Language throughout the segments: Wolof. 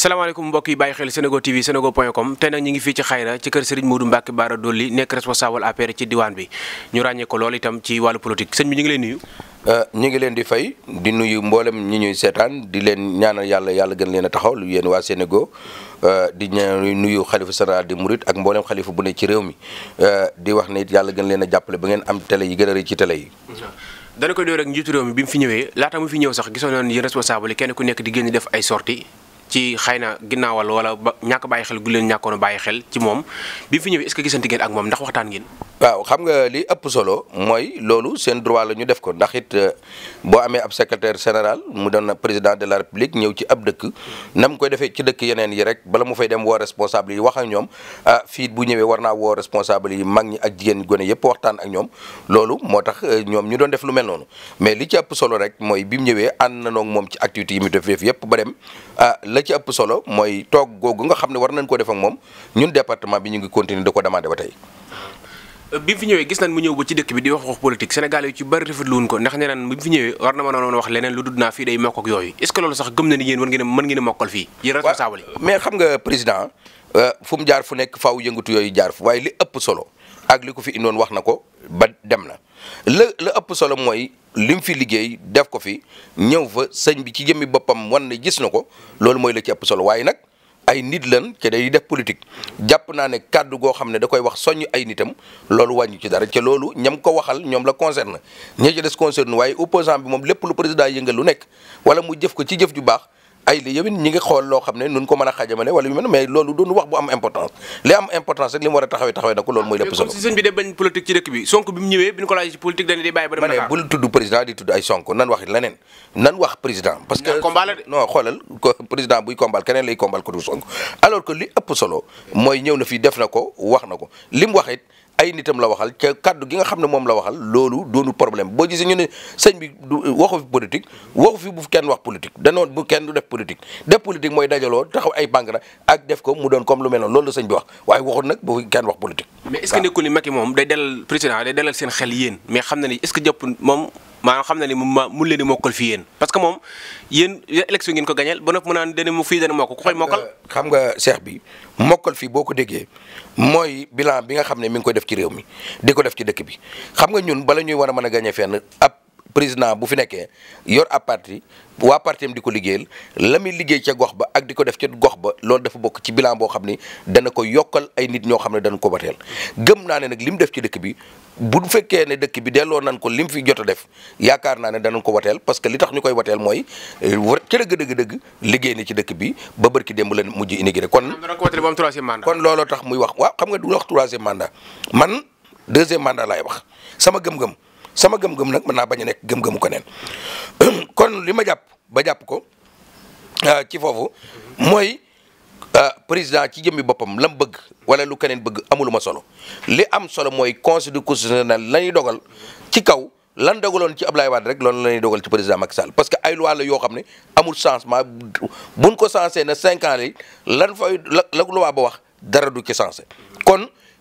salaamaaleykum mbokk yi bàyyi xel Senego TV senego.com tey nag ñu ngi fii ci Xayra ci kër Serigne Modou Mbacke Bara Dolly nekk responsable APR ci diwaan bi lool itam ci wàllu politique sëñ bi euh, leen nuyu. ñu di nuyu mboolem ñi ñuy seetaan di leen ñaanal yàlla yàlla gën leen a taxaw lu yéen waa Senego euh, di ñaan nuyu xalifa général di murit ak mboolem xalifa bu ne ci réew mi euh, di wax ne it yàlla gën leen jàppale ba ngeen am télé yi gën a rëy ci télé yi. dana koy door rek njiitu réew mi bi mu fi ñëwee laata mu fi ñëw sax gisoon nañu yéen responsable yi kenn ku nekk di génn def ay sortie ci xëy na ginnaawal wala ba ñàkk bàyyi xel gu leen ñàkkoon a bàyyi xel ci moom bi mu fi ñëwee est-ce gisante ngeen ak moom ndax waxtaan ngeen. waaw xam nga li ëpp solo mooy loolu seen droit la ñu def ko ndax it euh, boo amee ab secrétaire général mu doon président de la république ñëw ci ab dëkk na mu koy defee ci dëkk yeneen yi rek bala mu fay dem woo responsable yi wax ak ñoom ah fii bu ñëwee war naa woo responsable yi mag ñi ak jigéen gone yëpp waxtaan ak ñoom loolu moo tax euh, ñoom ñu doon def lu mel noonu mais li ci ëpp solo rek mooy bi mu ñëwee ànd na noog moom ci activité yi mi mu def yëpp ba dem ah la ci ëpp solo mooy toog googu nga xam ne war nañ ko def moom ñun département bi ñu ngi continuer di ko demander ba tey bi mu fi ñëwee gis nañ mu ñëw ba ci dëkk bi di wax wax politique Sénégal yu ci bari rafetlu wuñ ko ndax nee naan bi mu fi ñëwee war na mën a wax leneen lu dudd naa fii day mokk yooyu est ce que loolu sax gëm na ni yéen mën ngeen mais xam nga président euh, fu jaar fu nekk faaw yëngatu yooyu jaar fu waaye li ëpp solo ak li ko fi indoon wax na ko ba dem na la la ëpp solo mooy li mu fi liggéey def ko fi ñëw fa sëñ bi ci jëmmi boppam wan ne gis na ko loolu mooy la ci solo waaye nag ay nit lan te day def politique jàpp naa ne kàddu goo xam ne da koy wax soññ ay nitam loolu wàññi ci dara ce loolu ñam ko waxal ñoom la concerne ñi ci des concerne waaye opposant bi moom lépp lu président yëngal lu nekk wala mu jëf ko ci jëf ju baax ay li yowin ñi ngi xam ne nun ko mën a xajamale wala yu mel mais loolu doon wax bu am importance li am importance rek li mu war na ko loolu mooy lépp solo de la ëpp solo mooy ñëw na fii def na ko wax na ko li mu wax ay nitam la waxal ca gi nga xam ne moom la waxal loolu doonu problème boo gisee ñu ne sëñ bi du waxu fi politique waxu fi bu kenn wax politique danoon bu kenn du def politique def politique mooy dajaloo taxaw ay bànqara ak def ko mu doon comme lu mel loolu la bi wax waaye waxoon nag bu kenn wax politique. mais est-ce que nekkul ni moom day dalal président day dalal seen xel yéen mais xam na ni est-ce jàpp moom. maanaam xam na ni ma mun leen di fi fii parce que moom yéen élection ngeen ko gañal ba noppi mu naan dana mu fii dana mokk ko koy mokkal. xam nga seex bi mokkal fii boo ko déggee mooy bilaa bi nga xam ne mi ngi koy def ci réew mi di ko def ci dëkk bi xam nga ñun bala ñuy war a mën a gañe fenn ab naa bu fi nekkee yor ab parti waa parti am di ko liggéeyal la liggéey ca gox ba ak di ko def ca gox ba loolu dafa bokk ci bilan boo xam ni dana ko yokkal ay nit ñoo xam ne dana ko bateel gëm naa ne nag li mu def ci dëkk bi bu fekkee ne dëkk bi delloo nan ko li mu fi jot a def yaakaar naa ne danañ ko wateel parce que li tax ñu koy wateel mooy ca dëgg dëgg liggéey ni ci dëkk bi ba bërki démb la mujj inigré kon kon looloo tax muy wax waaw xam nga du wax troisième mandat man deuxième mandat laay wax sama gëm-gëm sama gëm-gëm nag mën naa bañ a nekk gëm-gëmu ko neen kon li ma jàpp ba jàpp ko ah, ci foofu mooy ah, président ci jëmmi boppam lam bëgg wala lu keneen bëgg ma solo li am solo mooy conseil constitutionnel la ñuy dogal ci kaw lan dogaloon ci Ablaye waat rek loolu la ñuy dogal ci président Macky Sall parce que ay loi la yoo xam ne amul changement buñ ko sensé na cinq ans lan fay la loi ba wax dara du ci sensé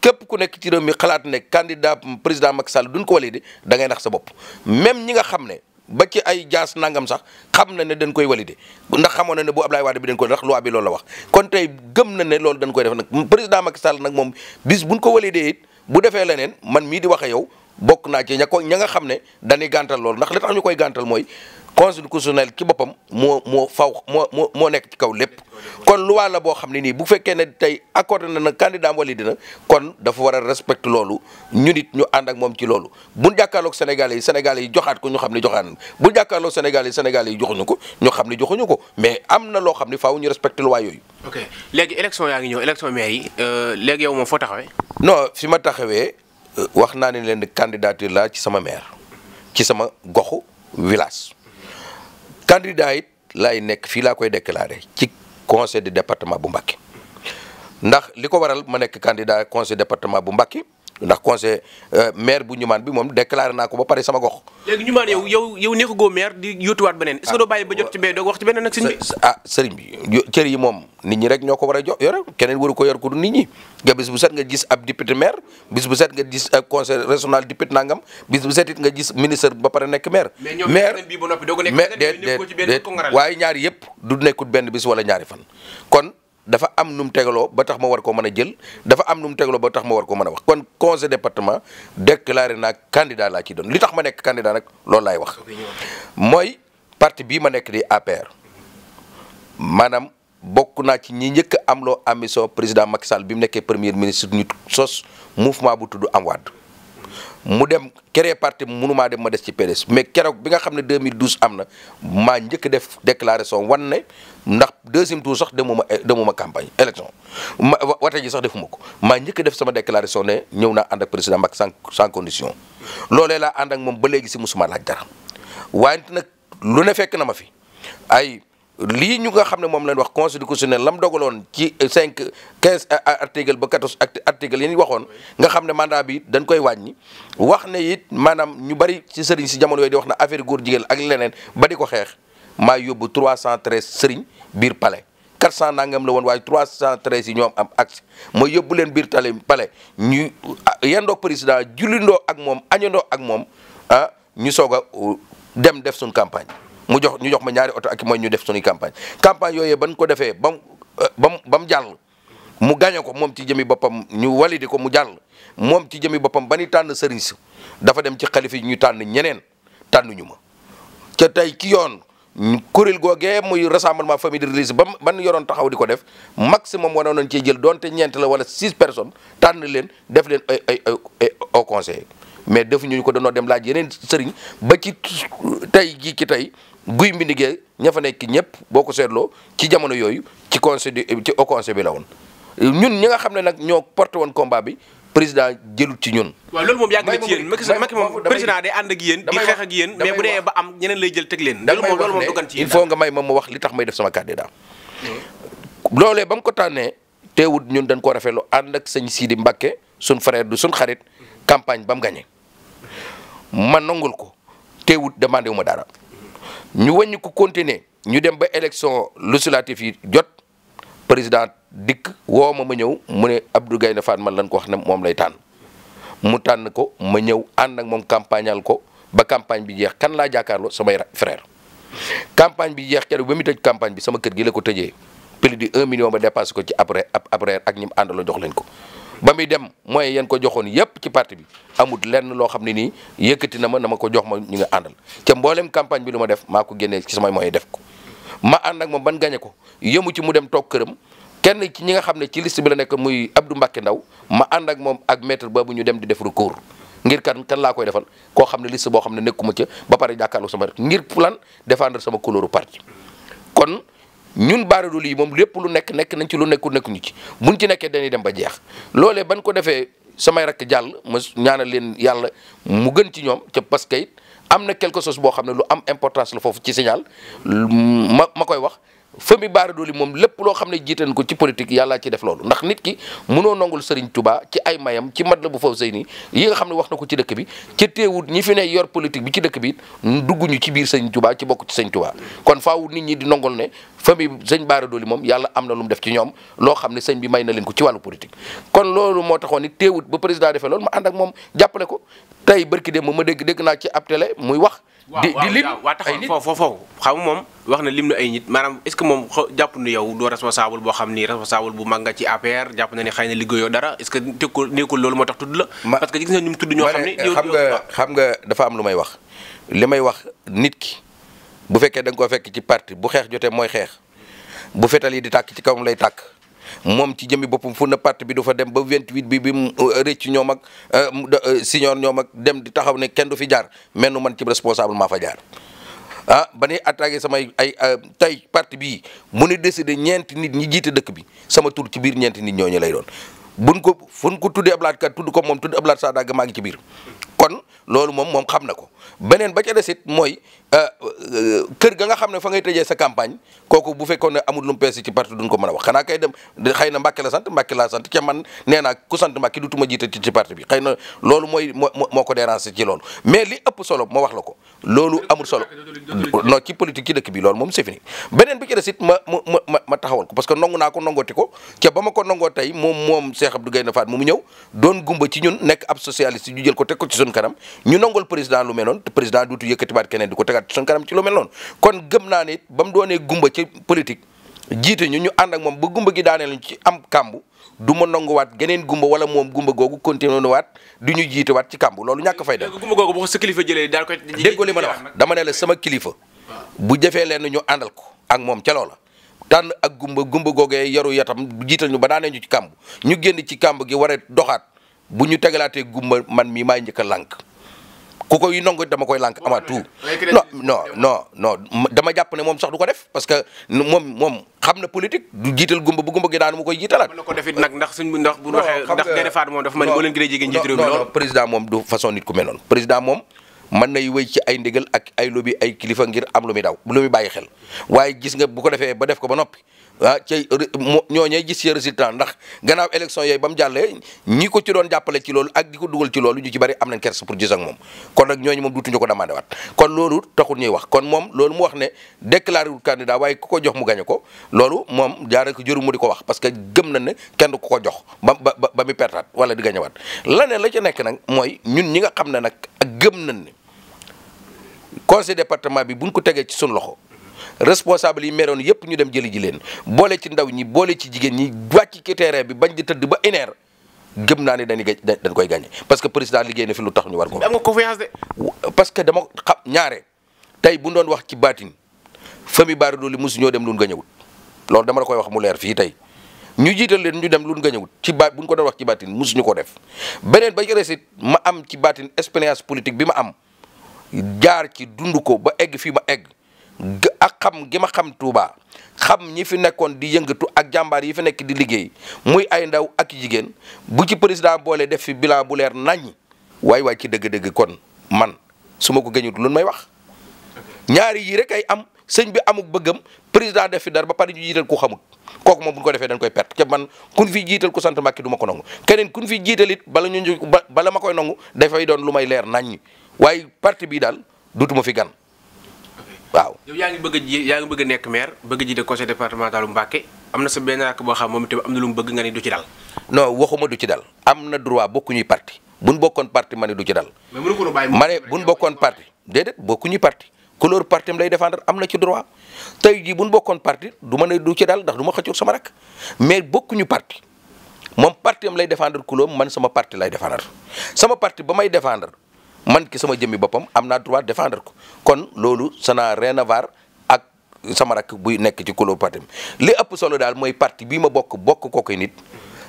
képp ku nekk ci réew mi xalaat ne candidat président Macky Sall duñ ko validé da ngay nax sa bopp même ñi nga xam ne ba ci ay jaas nangam sax xam na ne dañ koy validé ndax xamoon na ne bu Abdoulaye Wade bi dañ koy ndax loi bi loolu wax kon tey gëm na ne loolu dañ koy def nag président Macky Sall nag moom bis buñ ko validé it bu defee leneen man mii di wax yow bokk naa ci ña ko ña nga xam ne dañuy gàntal loolu ndax li tax ñu koy gàntal mooy conseil constitutionnel ci boppam moo moo faw moo moo moo nekk ci kaw lépp kon loi la boo xam ne nii bu fekkee ne tey accordé na na candidat wala na kon dafa waral a loolu ñu it ñu ànd ak moom ci loolu bu jàkkaarloog Sénégalais yi yi joxaat ko ñu xam ne joxaan buñ bu Sénégalais yi Sénégalais yi joxuñu ko ñu xam ne joxuñu ko mais am na loo xam ne faw ñu respecte loi yooyu léegi élection yaa ngi ñëw élection maire yi euh, léegi yow moom foo taxawee non fi ma taxawee euh, wax naa ne leen candidature la ci sama maire ci sama goxu village candidat it laay nekk fii laa koy déclaré ci conseil de département bu Mbacké ndax li ko waral ma nekk candidat conseil département bu Mbacké ndax conseil euh, maire bu ñumaan bi moom déclaré naa ko ba pare sama gox. léegi ñumaan yow yow yow neexu goo maire di yóotuwaat beneen. est-ce que doo ah. bàyyi ba jot ci bee doog wax ci beneen ak sëñ bi. ah sëriñ bi cër yi moom nit ñi rek ñoo ko war a jo yore keneen waru ko yor ko du nit ñi nga bis bu set nga gis ab député maire bis bu set nga gis euh, conseil régional député nangam bis bu set it nga gis ministre ba pare nekk maire. maire mais ñoom bii ba noppi doo ko nekk. mais ñaari yëpp du nekkul benn bis wala ñaari fan kon dafa am nu mu tegaloo ba tax ma war ko mën a jël dafa am nu mu tegaloo ba tax ma war ko mën a wax kon conseil département déclaré naa candidat laa ci doon li tax ma nekk candidat nag loolu laay wax. mooy parti bii ma nekk di APR maanaam bokk naa ci ñi njëkk am loo ambition président Macky Sall bi mu nekkee premier ministre ñu sos mouvement bu tudd Amwad. mu dem créer parti mënumaa dem ma des ci PDS mais keroog bi nga xam ne deux 2012 am na maa njëkk def déclaration wan ne ndax deuxième tour sax demuma eh, demuma campagne élection ma wate ji sax defuma ko maa njëkk def sama déclaration ne ñëw na ànd ak président Macky sans sans condition loolee laa ànd ak moom ba léegi si musuma laaj dara waaye nag lu ne fekk na ma fi ay lii ñu nga xam ne moom lañ wax conseil constitutionnel la mu dogaloon ci cinq quinze article ba quatorze article yi ñu waxoon nga xam ne mandat bi dañ koy wàññi wax ne it maanaam ñu bari ci sëriñ si jamono yooyu di wax na affaire gor jigéen ak leneen ba di ko xeex maa yóbbu trois cent treize sëriñ biir pale quatre cent nangam la woon waaye trois cent treize yi ñoom am accès mooy yóbbu leen biir tale pale ñu ah, yendoo président jullindoo ak moom añandoo ak moom ah ñu soog a uh, dem def suñ campagne mu jox ñu jox ma ñaari oto ak mooy ñu def suñuy campagne campagne yooyu ban ko defee bam euh, bam ba mu jàll mu gaañoo ko moom ci jëmi boppam ñu walide ko mu jàll moom ci jëmi boppam ba ni tànn sëriñ dafa dem ci xalifa yi ñu tànn ñeneen tànnuñu ma ca tey ki yoon kuréel googee muy rassemblement famille de religieux ba ban yoroon taxaw di ko def maximum wanoon nañ cee jël donte ñeent la wala six personnes tànn leen def leen ay ay ay au conseil mais defuñu ko danoo dem laaj yeneen sëriñ ba ci tey jii ci tey guy mbind gi ña fa nekk ñëpp boo ko seetloo ci jamono yooyu ci conseil du ci au bi la woon ñun ñu nga xam ne nag ñoo porte woon combat bi président jëlut ci ñun. waaw loolu moom yàgg na ci yéen Macky Sall Macky moom ànd ak yéen di xeex ak yéen mais bu dee ba am ñeneen lay jël teg leen loolu moom loolu moom dogan ci il faut nga may moom ma wax li tax may def sama candidat mm. loolee ba mu ko tànnee teewut ñun dañ ko rafetlu ànd ak sëñ Sidi Mbacké suñ frère du suñ xarit campagne ba mu gagné ma nangul ko teewut demandé wu ma dara ñu wàññi ko continuer ñu dem ba élection législative yi jot président dikk woo ma ma ñëw mu ne Abdou Gaynde Fatma man lañ ko wax ne moom lay tànn mu tànn ko ma ñëw ànd ak moom campagneal ko ba campagne bi jeex kan laa jàkkaarloo samay frère campagne bi jeex keroog ba mu tëj campagne bi sama kër gi la ko tëjee plus de 1 million ba dépassé ko ci après après ak ñi mu àndaloo jox leen ko. ba muy dem mooy yan ko joxoon yépp ci parti bi amut lenn loo xam ne nii yëkkati na ma na ma ko jox ma ñu nga àndal ca mboolem campagne bi lu ma def maa ko génnee ci sama mooy def ko ma ànd ak moom ban gañe ko yëmu ci mu dem toog këram kenn ci ñi nga xam ne ci liste bi la nekk muy Abdou Mbacké Ndaw ma ànd ak moom ak maître boobu ñu dem di def recours ngir kan kan laa koy defal koo xam ne list boo xam ne nekkuma ca ba pare jàkkaarloo sama rek ngir plan défendre sama couleur parti kon ñun baaradu lii moom lépp lu nekk nekk nañ ci lu nekkul ñu ci buñ ci nekkee dañuy dem ba jeex loolee ban ko defee samay rakk jàll ma ñaana leen yàlla mu gën ci ñoom ca parce que am na quelque chose boo xam ne lu am importance la foofu ci signal ma ma koy wax fami baara dooli moom lépp loo xam ne jiitan ko ci politique yàllaa ci def loolu ndax nit ki mënoo nongul Serigne tubaa ci ay mayam ci mat la bu faw sëy nii yi nga xam ne wax na ko ci dëkk bi ca ñi fi yor politique bi ci dëkk bi dugguñu ci biir Serigne Touba ci bokk ci Serigne Touba kon faaw nit ñi di nongol ne fami sëñ baara dooli moom yàlla am na lu mu def ci ñoom loo xam ne sëñ bi may na leen ko ci wàllu politique kon loolu moo taxoon ni teewut ba président defee loolu ma ànd ak moom jàppale ko tey barki dem ma dégg dégg naa ci ab télé muy wax di di tax waaw taxaw foofu foofu xam moom wax na lim na ay nit maanaam est-ce que moom jàpp na yow doo responsable boo xam ni responsable bu mag nga ci APR jàpp na ni xay na liggéeyoo dara est-ce que tekkul nekkul loolu moo tax tudd la. parce que gis na ñu tudd xam ni. xam nga dafa am lu may wax li may wax nit ki bu fekkee da nga koo fekk ci parti bu xeex jotee mooy xeex bu fetal yi di tàkk ci kaw kawam lay tàkk moom ci jëmi boppam fun na parti bi du fa dem ba 28 bi bi mu euh, rëcc ñoom ak euh, euh, signor ñoom ak dem di taxaw ne kenn du fi jaar mel nu man ci responsable maa fa jaar. ah ba ni attaqué sama ay tay parti bii mu ne décidé ñeenti nit ñi jiite dëkk bi sama tur ci biir ñeenti nit ñooñu lay doon buñ ko fuñ ko tuddee ablaat kat tudd ko moom tudd ablaat Sadaga maa ngi ci biir kon loolu moom moom xam na ko beneen ba ca desit mooy euh, euh, kër ga nga xam ne fa ngay tëjee sa campagne kooku bu fekkoon ne amul ko mën a wax xanaa kay dem xëy na Mbàkke la sant Mbàkke laa sant ca man nee naa ku ci na loolu mooy moo moo ko déranger ci loolu mais li ëpp solo ma wax la ko loolu amul solo non ci politique ci dëkk bi loolu moom c'est fini beneen bi ca desit ma ma ma ma taxawal ko parce que nangu naa ko nangooti ko ca ba ma tey moom moom Cheikh Abdou Gaynde Fatma mu ñëw doon gumba ci ñun nekk ab socialiste ñu jël ko teg ko ci kanam ñu nangul président lu mel noonu te président duutu yëkkatibaat keneen di ko tegaat suñ kanam ci lu kon gëm naa ne bam mu doonee gumba ci politique jiite ñu ñu ànd ak moom ba gumba gi daanee lañ ci am kàmb du ma nanguwaat geneen gumba wala moom gumba googu continué waat du ñu jiitewaat ci kàmb loolu ñàkk fay dem gumba googu bu ko sa kilifa jëlee daal koy déggoo li ma la dama ne la sama kilifa bu jëfee leen ñu àndal ko ak moom ca loola tànn ak gumba gumba googee yaru yatam jiital ñu ba daanee ñu ci kamb ñu génn ci kàmb gi war a doxaat bu ñu tegalaatee gumba man mii maay njëkk a lànk ku koy nangu dama koy lank amaatu non non non non dama jàpp ne moom sax du ko def parce que moom moom xam na politique du jiital gumba bu gumba gi daan mu koy jiitalaat. ko def it nag ndax suñ bu ndax Dédé Fall moom dafa ma boo leen gën a jege njiit réew mi président moom du façon nit ku mel noonu président moom mën nay wéy ci ay ndigal ak ay lobi ay kilifa ngir am lu muy daw lu muy bàyyi xel waaye gis nga bu ko defee ba def ko ba noppi ah cay ñooñee gis ci résultat ndax gannaaw élection yooyu ba mu jàllee ñi ko ci doon jàppale ci loolu ak di ko dugal ci loolu ñu ci bari am nañ kersa pour gis ak moom kon nag ñooñu moom duutuñu ko demandé waat kon loolu taxul ñuy wax kon moom loolu mu wax ne déclaré wul candidat waaye ku ko jox mu gañe ko loolu moom jaaree ko jëru mu di ko wax parce que gëm na ne kenn du ko ko jox ba ba ba mi pertaat wala di gañewaat laneen la ca nekk nag mooy ñun ñi nga xam ne nag gëm nañ ne conseil département bi buñ ko tegee ci suñu loxo responsable yi meroon yëpp ñu dem jëli ji leen boole ci ndaw ñi boole ci jigéen ñi wàcc ci terrain bi bañ di tëdd ba ineer gëm naa ne dañuy gaj dañ koy gagné parce que président liggéey ne fi lu tax ñu war ko. am nga confiance de. parce que dama ñaare tey bu doon wax ci baatin famille Bara Dolly mosu ñoo dem lu nga ñëwut loolu dama koy wax mu leer fii tey ñu jiital leen ñu dem lu nga ñëwut ci baat bu ñu ko doon wax ci baatin mosu ñu ko def beneen ba ci resit ma am ci baatin expérience politique bi ma am. jaar ci dund ko ba egg fi ma egg ak xam gi ma xam tuuba xam ñi fi nekkoon di yëngatu ak jàmbaar yi fi nekk di liggéey muy ay ndaw ak jigéen bu ci président boole def fi bila bu leer nañ waay waay ci dëgg-dëgg kon man su ko gëñut lu may wax ñaari yii rek ay am sëñ bi amuk bëggam président def fi dara ba pare ñu jiital ku xamut kooku moom bu ñu ko defee dañ koy perte te man kun fi jiital ku sant Mbàkke du ko nangu keneen kun fi jiital it bala ñu bala ma koy nangu dafay doon lu may leer nañ waaye parti bii daal dootuma fi gan. waaw yaa ngi bëgg a ji yaa ngi bëgg nekk maire bëgg ji de conseil départemental bu Mbacké am na sa benn rakk boo xam moom am na lu mu bëgg nga ni du ci dal. non waxuma du ci dal am na droit bokkuñuy parti buñ bokkoon parti ma ne du ci dal. mais mënu ko doon ma ne buñ bokkoon parti déedéet bokkuñuy parti couleur parti am lay défendre am na ci droit tey jii buñ bokkoon parti du ma ne du ci dal ndax du ma xëccoog sama rakk mais bokkuñu parti moom parti am lay défendre couleur man sama parti lay défendre sama parti ba may défendre man ki sama jëmmi boppam am naa droit défendre ko kon loolu ça n'a rien à ak sama rakk buy nekk ci kulo parti li ëpp solo daal mooy parti bii ma bokk bokk ko nit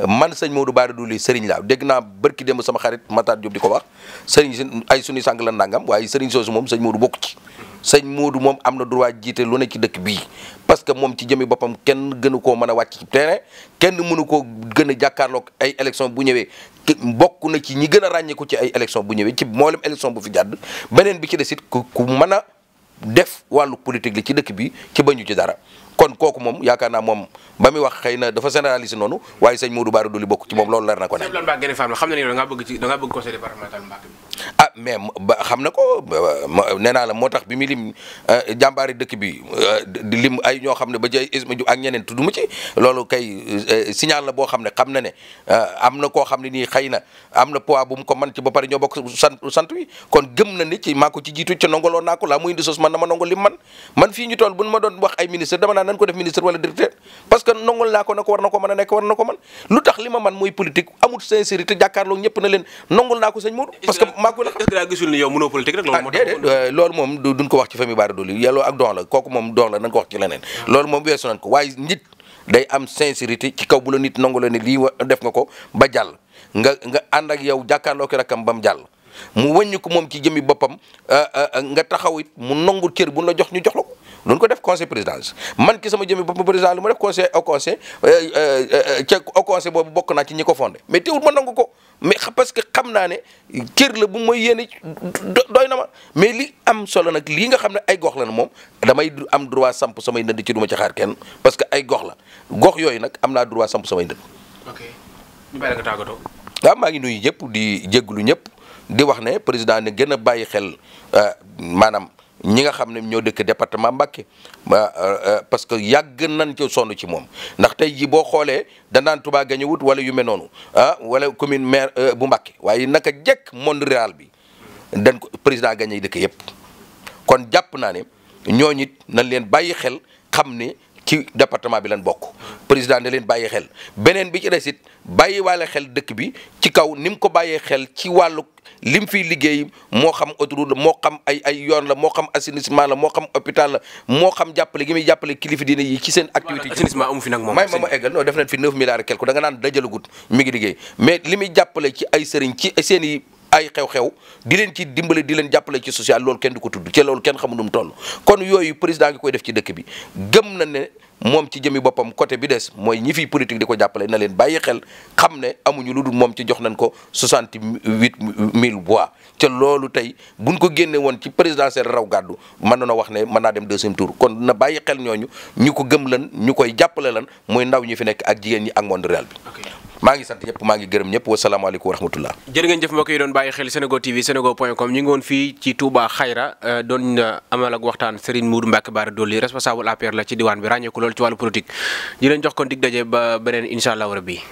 man sëñ Modou du Dolly sëriñ laa dégg naa bërki démb sama xarit Matar Diop di ko wax sëriñ si ay suñuy sàng la nangam waaye sëriñ soosu moom sëñ Modou bokk ci sëñ Modou moom am na droit jiite lu ne ci dëkk bii parce que moom ci jëmi boppam kenn gënu koo mën a wàcc ci kenn mënu koo gën a jàkkaarloog ay élection bu ñëwee bokk na ci ñi gën a ràññeeku ci ay élection bu ñëwee ci mboolem élection bu fi jàdd beneen bi ci desit it ku ku mën a def wàllu politique li ci dëkk bi ci bañu ci dara kon kooku moom yaakaar naa moom ba muy wax xëy na dafa généraliser noonu waaye sëñ Modou Bara Dolly bokk ci moom loolu leer na xam na ni ah, ba xam na naa la moo tax bi mu lim eh, jàmbaari dëkk bi eh, di lim ay ñoo xam ne ba jay isma ju ak ñeneen tudd ma ci loolu kay eh, signal la boo xam ne xam na ne na koo xam ne nii xëy na na poids bu mu ko man kon gëm na ni ci maa ko ci jiitu ca nongaloon naa ko laa muy indi man na ma nongo lim man man fii ñu toll buñ ma doon wax ay ministre dama naan nan ko def ministre wala directeur parce que nongul naa ko ne ko war na ko mën a nekk war ko mën lu tax li man mooy politique amul sincérité jàkkaarloo ñëpp na leen nongul naa ah, euh, ko wax ci la kooku ah. loolu moom weesu ko waaye nit day am sincérité ci kaw bu nit nangu ne lii def nga ko ba jàll nga nga ànd ak yow jàkkaarloo ki rakam mu jàll moom ci jëmmi boppam euh, euh, nga taxaw mu nangu cër bu la jox ñu jox la noonu ko def conseil présidence man ki sama jëmmi bopp président lu ma def conseil au conseil euh, euh, euh, ca boobu bokk naa ci ñi ko fondé mais teewul ma nangu ko mais parce que xam naa ne kër la bu may yéene doy na ma mais li am solo nag lii nga xam ne ay gox la na moom damay am droit samp samay ndënd ci du ma ci xaar kenn parce que ay gox la gox yooyu nag am naa droit samp samay ndënd. ok ñu la ko tàggatoo. waaw maa ngi nuyu ñëpp di jégalu ñëpp di wax ne président ne gën a bàyyi xel maanaam. ñi nga xam ne ñoo dëkk département Mbacké euh, euh, parce que yàgg nañ ci sonn ci moom ndax tey ji boo xoolee danaan Touba gañe wut wala yu mel noonu ah wala commune maire euh, bu Mbacké waaye naka jekk monde rural bi dañ ko président gañe dëkk yëpp kon jàpp naa ni ñooñit it nañ leen bàyyi xel xam ni ci département bi lañ bokk président da leen bàyyi xel beneen bi ci des bàyyi waale xel dëkk bi ci kaw ni mu ko bàyyee xel ci wàllu lim fiy liggéey moo xam autoroute moo xam ay ay yoon la moo xam assainissement la moo xam hôpital la moo xam jàppale gi muy jàppale kilifa diine yi ci seen activité assainissement fi nag moom may ma ma eggal non def nañ fi 9 milliards ngi liggéey mais li muy jàppale ci ay sëriñ seen i ay xew-xew di leen ci dimbale di leen jàppale ci social loolu kenn du ko tudd ci loolu kenn xamu nu mu toll kon yooyu président ngi koy def ci dëkk bi gëm na ne moom ci jëmi boppam côté bi des mooy ñi fi politique di ko jàppale na leen bàyyi xel xam ne amuñu lu dul moom ci jox nañ ko 68 mille bois ca loolu tey buñ ko génne woon ci présidentielle raw gàddu mën na wax ne mën naa dem deuxième tour kon na bàyyi xel ñooñu ñu ko gëm lan ñu koy jàppale lan mooy ndaw ñi fi nekk ak jigéen ñi ak monde rural bi maa ngi sant ñëpp maa ngi gërëm ñëpp wasalaamaaleykum wa rahmatullah jërë ngeen jëf mbokk yi doon bàyyi xel Senego TV Senego point com ñu ngi woon fii ci Touba Xayra euh, doon amal ak waxtaan Serigne Modou Mbacké Bara Dolly responsable APR la ci diwaan bi ràññeeku lool ci wàllu politique di leen jox kon dig daje ba beneen incha allah rabbi